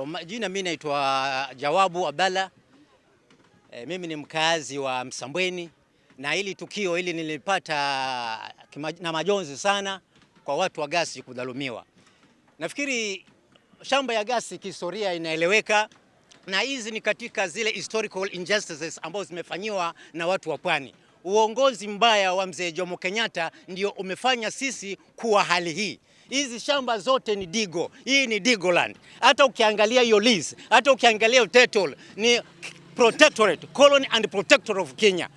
Oh, jina mimi naitwa uh, Jawabu Abdalla. E, mimi ni mkazi wa Msambweni na hili tukio hili nilipata uh, na majonzi sana kwa watu wa Gasi kudhalumiwa. Nafikiri shamba ya Gasi kihistoria inaeleweka na hizi ni katika zile historical injustices ambazo zimefanyiwa na watu wa pwani. Uongozi mbaya wa Mzee Jomo Kenyatta ndio umefanya sisi kuwa hali hii hizi shamba zote ni Digo. Hii ni Digoland. Hata ukiangalia hiyo lease, hata ukiangalia title ni protectorate, colony and protector of Kenya.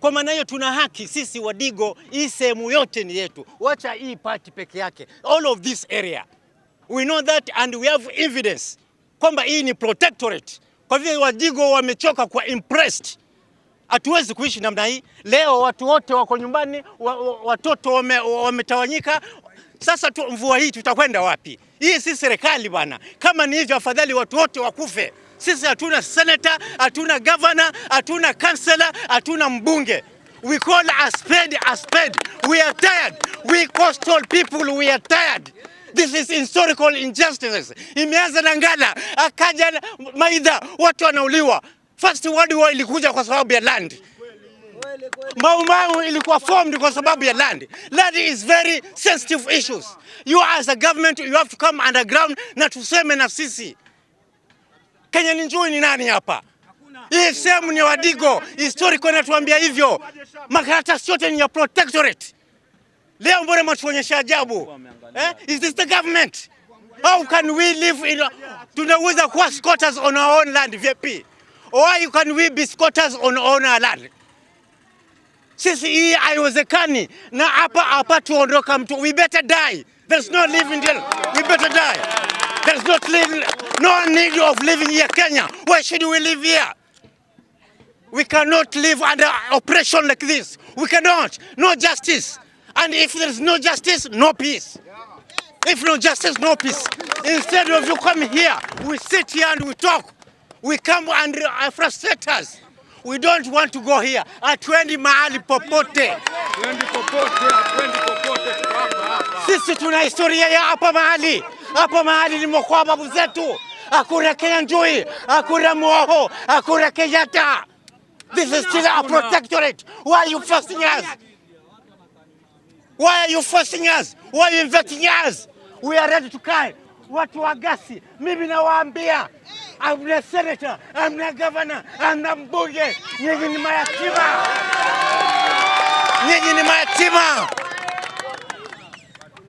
Kwa maana hiyo tuna haki sisi Wadigo, hii sehemu yote ni yetu, wacha hii part peke yake. All of this area we know that and we have evidence kwamba hii ni protectorate. Kwa vile Wadigo wamechoka kwa impressed Hatuwezi kuishi namna hii. Leo watu wote wako nyumbani, watoto wametawanyika, sasa tu mvua hii tutakwenda wapi? Hii si serikali bwana. Kama ni hivyo, afadhali watu wote wakufe. Sisi hatuna senata, hatuna governor, hatuna councillor, hatuna mbunge. We call a spade a spade. We are tired. We coastal people, we are tired. This is historical injustice. Imeanza na Ngala, akaja Maidha, watu wanauliwa. First World War ilikuja kwa sababu ya land. Mau Mau ilikuwa formed kwa sababu ya land. Land is very sensitive issues. You as a government you have to come underground na tuseme na sisi. Kenya ni njui ni nani hapa? Hii sehemu ni Wadigo. kwa inatuambia hivyo. Makaratasi yote ni ya protectorate. Leo mbona matuonyesha ajabu? Eh? Is this the government? How can we live in tunaweza kuwa squatters on our own land vipi? Or you can we be squatters on our own land? Sisi hii haiwezekani, na hapa hapa tuondoka mtu. We better die. There's no living here. We better die. There's not living, no need of living here Kenya. Why should we live here? We cannot live under oppression like this. We cannot. No justice. And if there's no justice, no peace. If no justice, no peace. Instead of you come here, we sit here and we talk. We come and frustrate us. We don't want to go here. Hatuendi mahali popote. popote, popote. Sisi tuna historia ya hapa mahali. Hapa mahali ni nimekuwa babu zetu. Akura Kenya Njui, akura Mwoho, akura Kenyatta. This is still a protectorate. Why are you forcing us? Why are you forcing us? Why are you inviting us? We are ready to cry. Watu wa Gasi, mimi nawaambia amna senata, amna gavana, amna mbunge. Nyinyi ni mayatima, nyinyi ni mayatima.